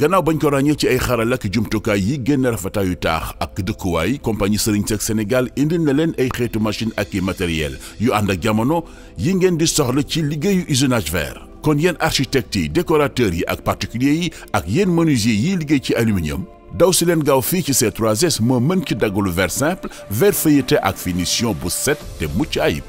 gannaaw bañ ko ràññee ci ay xarala ak jumtukaay yi génn rafetaayu taax ak dëkkuwaay compagnie Serigne Seck Sénégal indi na leen ay xeetu machine ak i matériel yu ànd ak jamono yi ngeen di soxla ci liggéeyu usinage vert. kon yenn architecte yi décorateur yi ak particulier yi ak yenn menuisier yiy liggéey ci aluminium daw si leen gaaw fii ci ces 3S moo mën ci daggalu verre simple verre feuilleté ak finition bu set te mucc ayib.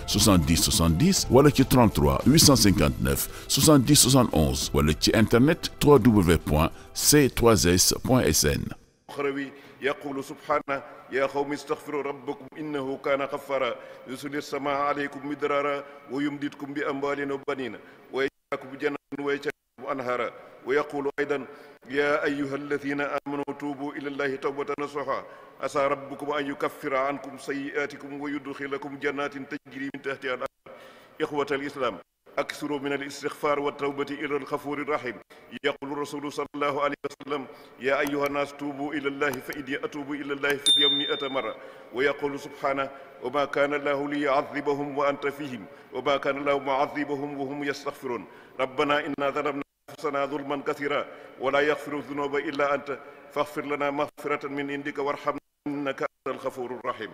70 70 wala ci 33 859 70 71 wala ci internet www.c3s.sn أخروي يقول سبحانه يا قوم استغفروا ربكم إنه كان غفارا يرسل السماء عليكم مدرارا ويمددكم بأموال وبنين ويجعل لكم جنات ويجعل لكم أنهارا ويقول أيضا يا أيها الذين آمنوا tuubu ilallahi tawbatan nasuha asa rabbukum an yukaffira ankum sayyi'atikum wa yudkhilakum jannatin tajri min tahtiha al-anhar ikhwata al-islam aksiru min al-istighfar wa tawbati ila al-ghafuri rahim yaqulu rasulu sallallahu alayhi wa sallam ya ayyuha an-nas tuubu ilallahi fa inni atuubu ilallahi fi al-yawmi mi'ata marra wa yaqulu subhanahu wa ma kana allahu liyu'adhibahum wa anta fihim wa ma kana allahu mu'adhibahum wa hum yastaghfirun rabbana inna dhalamna anfusana dhulman kathira wa la yaghfiru dhunuba illa anta faxfir lana maxfiratan min indika warxamna innaka antal xafuru rahim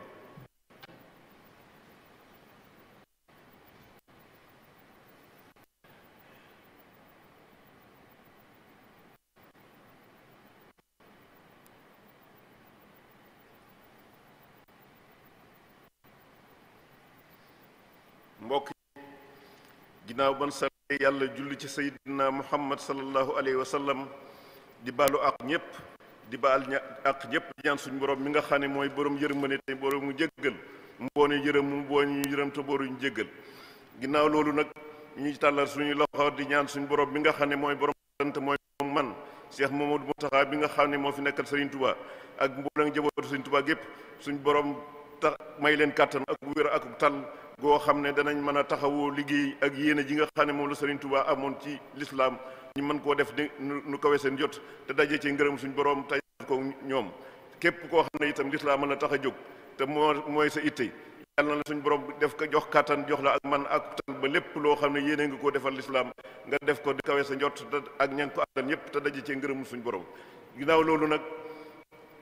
mbokk ginnaaw ban sante yàlla julli ci sayyidina muhammad sallallahu alayhi wa di baalu ak ñépp di baal ña ak ñëpp di ñaan suñu borom mi nga xam ne mooy borom yërmande te borom mu jéggal mu boo ñu yërëm mu boo ñu yërëm te booruñu jéggal ginnaaw loolu nag ñu tàllal suñuy loxo di ñaan suñu borom bi nga xam ne mooy borom sant mooy man Cheikh Mamadou Mountakha bi nga xam ne moo fi nekkal Serigne Touba ak mboolem njabootu Serigne tubaa gépp suñu borom tax may leen kàttan ak wér ak tal goo xam ne danañ mën a taxawoo liggéey ak yéene ji nga xam ne moom la Serigne Touba amoon ci lislaam ñu mën koo def ni nu kawe seen jot te daje ci ngërëm suñu borom tey ko ñoom képp koo xam ne itam lislaam mën a tax a jóg te moo mooy sa itte yàlla na suñ borom def ko jox kàttan jox la ak man ak lépp loo xam ne yéene nga koo defal lislaam nga def ko di kawe sa njot te ak ña ngi ko àttan yépp te daje ci ngërëm suñu borom ginnaaw loolu nag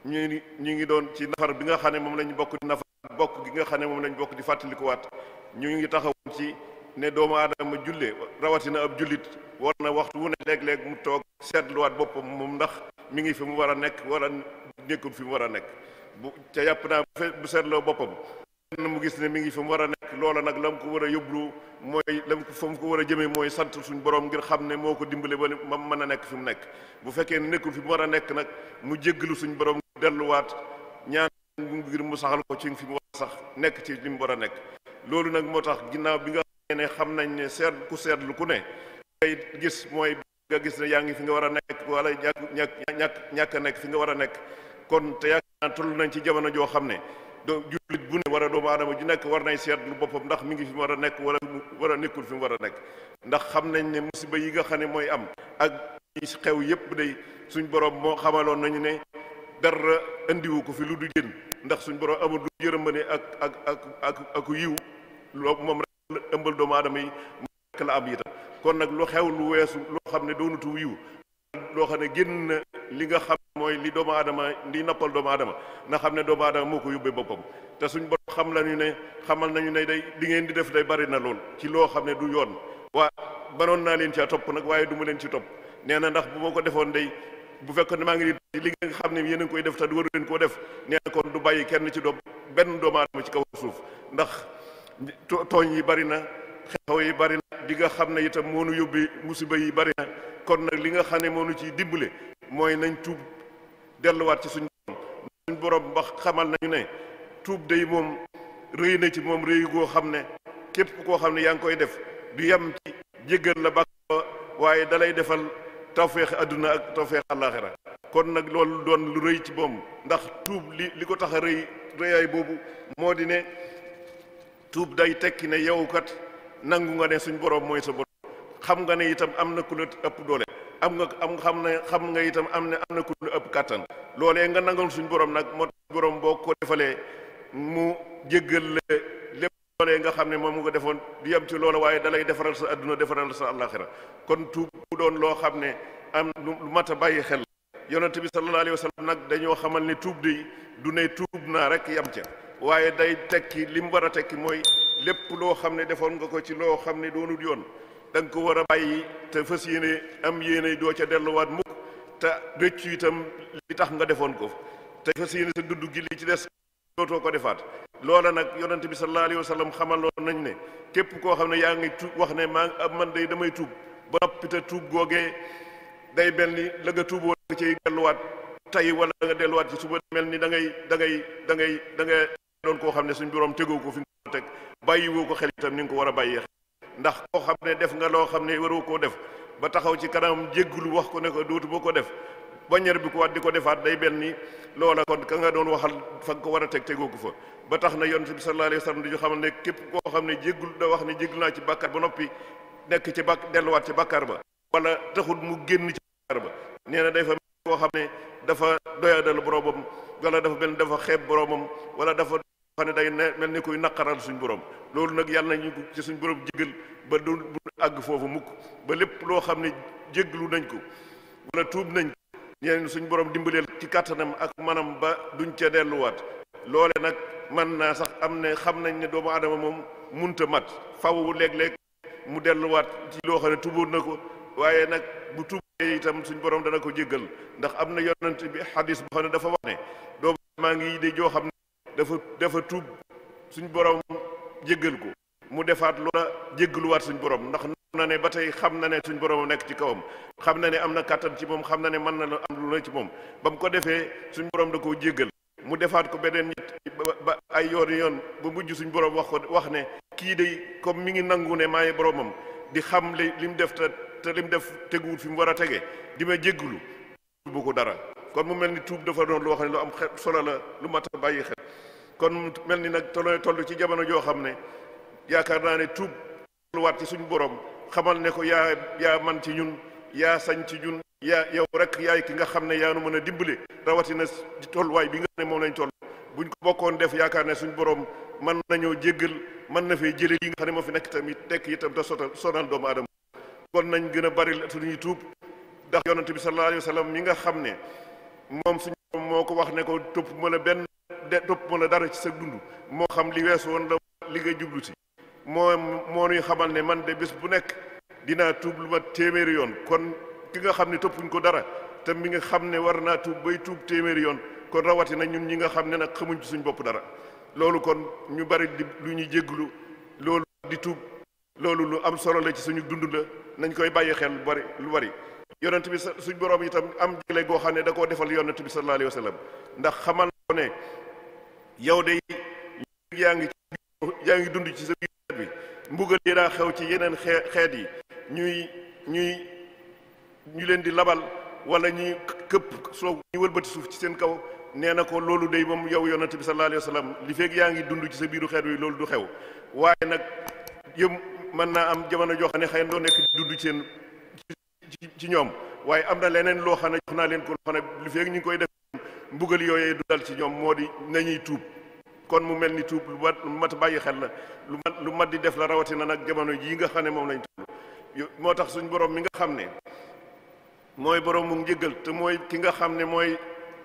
ñu ni ñu ngi doon ci nafar bi nga xam ne moom lañ bokk di nafar bokk gi nga xam ne moom lañu bokk di fàttalikuwaat ñu ngi taxawoon ci ne doomu aadama jullee rawatina ab jullit war na waxtu wu ne léeg-léeg mu toog seetluwaat boppam moom ndax mi ngi fi mu war a nekk war a fi war a nekk bu ca yàpp naa bu seetloo boppam benn mu gis ne mi ngi fi war a nekk loola nag la ko war a yóbbu mooy la mu ko ko war a jëmee mooy sant suñ borom ngir xam ne moo ko dimbale ba ma mën a nekk fi mu nekk bu fekkee ne fi mu war a nekk nag mu jéggalu suñ borom delluwaat ñaan ngir mu ko ci fi mu sax nekk ci li mu war a nekk loolu nag moo tax ginnaaw bi nga ne xam nañ ne seet ku lu ku ne ngay gis mooy nga gis ne yaa ngi fi nga war a nekk wala ñàkk ñàkk ñàkk ñàkk a nekk fi nga war a nekk kon te yaakaar nañ ci jamono joo xam ne do jullit bu ne war a doomu nekk war nay seetlu boppam ndax mi ngi fi mu war a nekk wala war a nekkul fi mu war a nekk ndax xam nañ ne musiba yi nga xam ne mooy am ak xew yépp day suñ borom moo xamaloon nañu ne dara indiwu ko fi lu du jën ndax suñ borom amul lu yërëmane ak ak ak ak ak yiw moom ëmbal doomu aadama yi mu nekk la am itam kon nag lu xew lu weesu loo xam ne doonatu yiw loo xam ne génn li nga xam mooy li doomu aadama di nappal doomu aadama na xam ne doomu aadama moo ko yóbbee boppam te suñ bopp xam lañu ne xamal nañu ne day li ngeen di def day bari na lool ci loo xam ne du yoon waa banoon naa leen caa topp nag waaye du ma leen ci topp nee na ndax bu ma ko defoon day bu fekkoon ne maa ngi nii li xam ne yéen a koy def te du waru leen koo def nee na kon du bàyyi kenn ci doom benn doomu aadama ci kaw suuf ndax tooñ yi bari na xew yi bari na nga xam ne itam moo nu yóbbee musiba yi bari na kon nag li nga xam ne moo nu ciy dimbale mooy nañ tuub delluwaat ci suñ borom suñ borom xamal nañu ne tuub day moom rëy na ci moom rëy goo xam ne képp koo xam ne yaa ngi koy def du yem ci jéggal la bàkkaar waaye dalay defal tawféex àdduna ak tawféex àllaaxira kon nag loolu doon lu rëy ci moom ndax tuub li li ko tax rëy rëyaay boobu moo di ne tuub day tekki ne yow kat nangu nga ne suñ borom mooy sa borom xam nga ne itam am na ku la ëpp doole am nga am xam ne xam nga itam am na am na ku la ëpp kàttan loolee nga nangoon suñ borom nag moo tax borom boo ko defalee mu jéggal la lépp loolee nga xam ne moom nga defoon du yem ci loola waaye dalay defaral sa adduna defaral sa àllaaxira kon tuub bu doon loo xam ne am lu mat a bàyyi xel yonente bi sallallahu alayhi nag dañoo xamal ne tuub di du ne tuub naa rek yam ca waaye day tekki li mu war a tekki mooy lépp loo xam ne defoon nga ko ci loo xam ne doonul yoon danga ko war a bàyyi te fas yéene am yéene doo ca delluwaat mukk te rëccu itam li tax nga defoon ko te fas yéene sa dudd gi li ci des dootoo ko defaat loola nag yonent bi sallallahu alayhi wa sallam xamaloon nañ ne képp koo xam ne yaa ngi tuub wax ne maa man day damay tuub ba noppi te tuub googee day mel ni la nga tuuboo nga tey wala nga delluwaat ci suba mel ni da ngay dangay ngay da ngay doon koo xam ne suñ borom tegoo ko fi nga teg bàyyi woo ko xel itam ni nga ko war a bàyyee xel ndax koo xam ne def nga loo xam ne waroo koo def ba taxaw ci kanam jéggulu wax ko ne dootu boo ko def bañar bi ko waat di ko defaat day benn ni loola kon ka nga doon waxal fa ko war a teg tegoo ko fa ba tax na yonent bi sallallahu alayhi wa sallam dañu xamal ne képp koo xam ne jéggul da wax ne jéggul naa ci bàkkaar ba noppi nekk ci bàkk delluwaat ci bàkkaar ba wala taxul mu génn ci bàkkaar ba nee na day fa koo xam ne dafa doyadal boromam wala dafa benn dafa xeeb boromam wala dafa xam ne day mel ni kuy naqaral suñu borom loolu nag yàlla nañu ci suñu borom jéggal ba du bu àgg foofu mukk ba lépp loo xam ne jéglu nañ ko wala tuub nañ ko ñeneen suñ borom dimbaleel ci kàttanam ak manam ba duñ ca delluwaat loole nag man naa sax am ne xam nañ ne doomu aadama moom munta mat faw léeg-léeg mu delluwaat ci loo xam ne tuboon na ko waaye nag bu tuubee itam suñu borom dana ko jéggal ndax am na yonent bi xadis boo xam ne dafa wax ne doomu maa ngi de joo xam dafa dafa tuub suñ borom jéggal ko mu defaat loola jéggaluwaat suñ borom ndax xam ne ba tey xam na ne suñ borom nekk ci kawam xam na ne am na kàttan ci moom xam na ne mën na am lu la ci moom ba mu ko defee suñ borom da koo jéggal mu defaat ko beneen ñett ba ay yoon yoon ba mujj suñ borom wax ko wax ne kii day comme mu ngi nangu ne maay boromam di xam li li mu def te te li mu def teguwul fi mu war a tege di ma jéggalu bu ko dara kon mu mel ni tuub dafa doon loo xam ne lu am xel solo la lu mat a bàyyi xel kon mel ni nag tolloy toll ci jamono joo xam ne yaakaar naa ne tuub luwaat ci suñu borom xamal ne ko yaa yaa man ci ñun yaa sañ ci ñun yaa yow rek yaay ki nga xam ne yaa nu mën a dimbale rawatina tolluwaay bi nga ne moom lañ toll buñ ko bokkoon def yaakaar ne suñu borom mën nañoo jéggal mën na fee jële li nga xam ne moo fi nekk tamit nekk itam te sotal sonal doomu aadama kon nañ gën a bari suñuy tuub ndax yonante bi sallallahu alayhi wa sallam mi nga xam ne moom suñu moo ko wax ne ko topp ma la benn de topp ma la dara ci sa dund moo xam li weesu woon la li nga jublu si moo moo ñuy xamal ne man de bés bu nekk dinaa tuub lu ma téeméeri yoon kon ki nga xam ne toppuñ ko dara te mi nga xam ne war naa tuub bay tuub téeméeri yoon kon rawatina ñun ñi nga xam ne nag xamuñ ci suñ bopp dara loolu kon ñu bari di lu ñuy jégglu loolu di tuub loolu lu am solo la ci suñu dund la nañ koy bàyyi xel bari lu bari yonent bi suñ borom itam am jëgle goo xam ne da koo defal yonent bi sallallahu alayhi wa sallam ndax xamal ko ne yaa ngi yaa ngi dund ci sa bi mbugal yi daa xew ci yeneen xeet yi ñuy ñuy ñu leen di labal wala ñuy këpp soo ñu wëlbati suuf ci seen kaw nee na ko loolu day moom yow yonent bi sallallahu alayhi wa sallam li fekk yaa ngi dund ci sa biiru xeet wi loolu du xew waaye nag yëm mën naa am jamono joo xam ne doo nekk dund ci seen ci ñoom waaye am na leneen loo xam ne jox naa leen ko loo xam ne lu ñu ngi koy def mbugal yooyee du dal ci ñoom moo di nañuy tuub kon mu mel ni tuub lu mat bàyyi xel na lu mat lu mat di def la rawatina nag jamono jii nga xam ne moom lañ toll moo tax suñ borom mi nga xam ne mooy borom mu njëggal te mooy ki nga xam ne mooy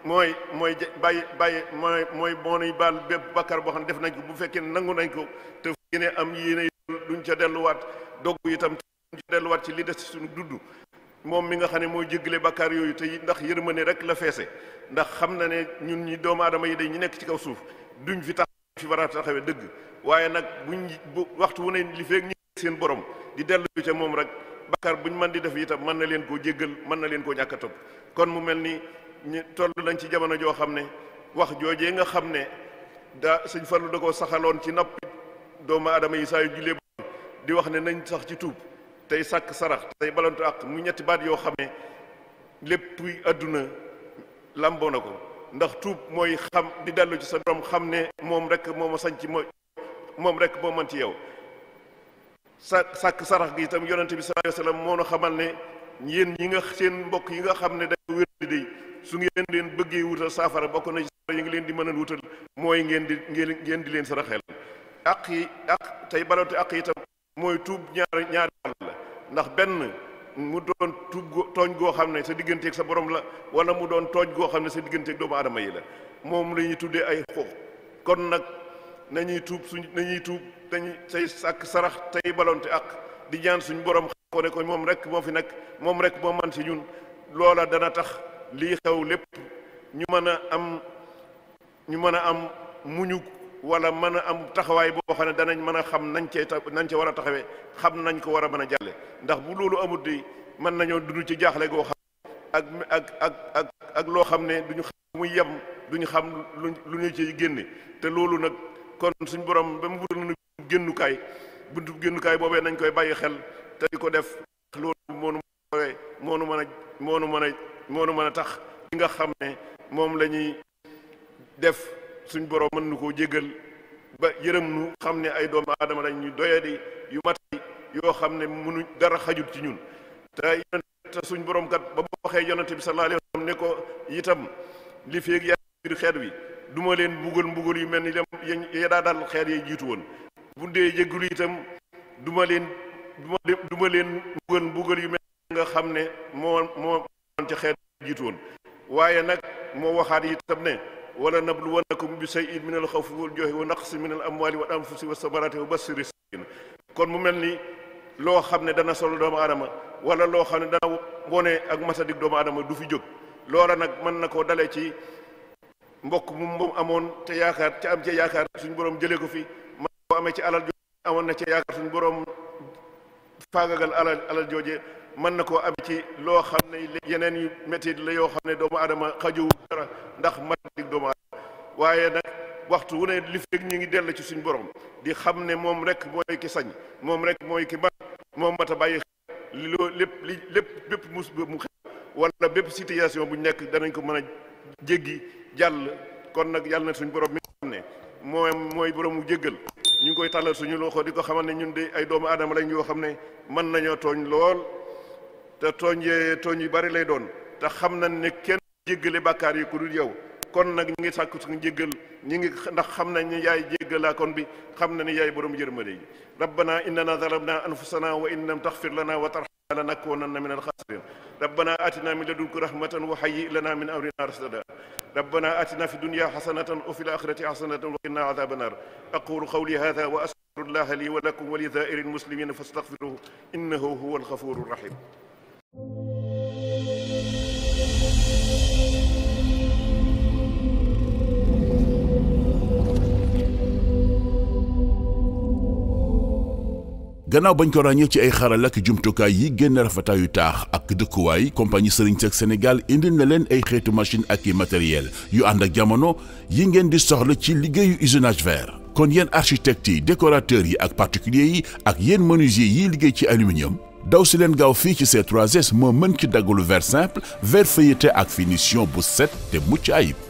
mooy mooy bàyyi bàyyi mooy mooy moo nuy baal bépp bakkar boo xam ne def nañ ko bu fekkee nangu nañ ko te fu ne am yéene duñ ca delluwaat dogg itam duñ ca delluwaat ci li def ci suñu dudd moom mi nga xam ne mooy jéggale bakkaar yooyu te ndax yërmande rek la feese ndax xam na ne ñun ñi doomu aadama yi day ñu nekk ci kaw suuf duñ fi tax fi war a dëgg waaye nag buñ bu waxtu wu ne li feek seen borom di dellu ca moom rek bakkaar buñ mën di def itam mën na leen koo jéggal mën na leen koo ñàkk kon mu mel ni ñu toll nañ ci jamono joo xam ne wax joojee nga xam ne daa sëñ Fallu da koo saxaloon ci napp doomu aadama yi saa yu jullee di wax ne nañ sax ci tuub tey sàkk sarax tey balantu ak mu ñetti baat yoo xam ne lépp àdduna lamboo na ko ndax tuub mooy xam di dellu ci sa borom xam ne moom rek moo ma sañ ci ma moom rek moo man ci yow sa sàkk sarax gi tam yonente bi sallallahu alayhi moo nu xamal ne yéen ñi nga seen mbokk yi nga xam ne dañ wér di day su ngeen leen bëggee wutal saafara bokk na ci saafara yi ngi leen di mën a wutal mooy ngeen di ngeen di leen saraxeel àq yi ak tey balante ak tam mooy tuub ñaar ndax benn mu doon tub tooñ goo xam ne sa digganteeg sa borom la wala mu doon tooñ goo xam ne sa digganteeg doomu aadama yi la moom la ñuy tuddee ay xoox kon nag nañuy tuub suñ nañuy tuub dañuy say sàkk sarax tey balonte ak di ñaan suñ borom ko ne ko moom rek moo fi nag moom rek moo man si ñun loola dana tax lii xew lépp ñu mën a am ñu mën a am muñu wala mën a am taxawaay boo xam ne danañ mën a xam nañ cee nañ ca war a taxawee xam nañ ko war a mën a jàlle ndax bu loolu amut di mën nañoo dund ci jaaxle goo xam ak ak ak ak ak loo xam ne duñu xam muy yem xam lu lu ñu ci génne te loolu nag kon suñ borom ba mu wutal nu génnukaay buntu génnukaay boobee nañ koy bàyyi xel te di ko def loolu moonu mowee moonu mën a moonu mën a moonu mën a tax li nga xam ne moom la ñuy def suñ borom mën nu koo jégal ba yërëm nu xam ne ay doomu aadama lañ ñu doyadi yu matay yoo xam ne munu dara xajut ci ñun te suñ borom kat ba mu waxee yonent bi sallallahu alayhi wa sallam ne ko itam li feeg yaa biir xeet wi leen mbugal mbugal yu mel ni lam ya daa dal xeet yi jiitu woon bu dee jégalu itam du leen du ma leen mbugal mbugal yu mel nga xam ne moo moo ci xeet jiitu woon waaye nag moo waxaat itam ne wala nabluwannakum bi shay'in min al xawfi wal jooxi wa naqsi min al amwali wal anfusi wa samarati wa basiri sabirin kon mu mel ni loo xam ne dana solo doomu aadama wala loo xam ne dana wone ak masadik doomu aadama du fi jóg loola nag mën na koo dale ci mbokk mu mu amoon te yaakaar ca am ca yaakaar suñ borom jëlee ko fi mën koo ci alal jooje amoon na ca yaakaar suñ borom faagagal alal alal jooje mën na koo amee ci loo xam ne yeneen yu métit la yoo xam ne doomu aadama xaju dara ndax mat doomu waaye nag waxtu wu ne li fekk ñu ngi dell ci suñu borom di xam ne moom rek mooy ki sañ moom rek mooy ki man moom mat a bàyyi li lépp li lépp bépp mus mu xew wala bépp situation bu nekk danañ ko mën a jéggi jàll kon nag yàlla na suñu borom mi nga xam ne moom mooy boroomu jéggal ñu ngi koy tàllal suñu loxo di ko xamal ne ñun de ay doomu aadama lañ yoo xam ne mën nañoo tooñ lool te tooñ yee tooñ yu lay doon te xam na ne kenn jéggale bàkkaar yi ku dul yow kon nag ñu ngi sàkku suñu jéggal ñi ngi ndax xam nañ ni yaay jéggalaa kon bi xam na ni yaay borom yërmande ji rabbana innana zalamna anfusana wa in lam taxfir lana wa tarhamna lanakunanna min alxaasirin rabbana atina min ladunka rahmatan wa hayyi lana min amrina rasada rabbana atina fi dunya xasanatan wa fi laxirati xasanatan wa qina adaba naar aqulu qawli hada wa astaghfirullaha li wa lakum wa li zaa'iri lmuslimina fastaghfiruhu innahu huwa alxafuru rahim gannaaw bañ ko ràññee ci ay xaral jumtukaay yi génn rafetaayu taax ak dëkkuwaay compagnie Serigne Seck Sénégal indil na leen ay xeetu machine ak i matériel yu ànd ak jamono yi ngeen di soxla ci liggéeyu usinage vert. kon yéen architectes yi décorateurs yi ak particuliers yi ak yéen menuisier yiy liggéey ci aluminium daw si leen gaaw fii ci ces 3S moo mën ci daggalu verre simple verre feuilleté ak finition bu set te mucc ayib.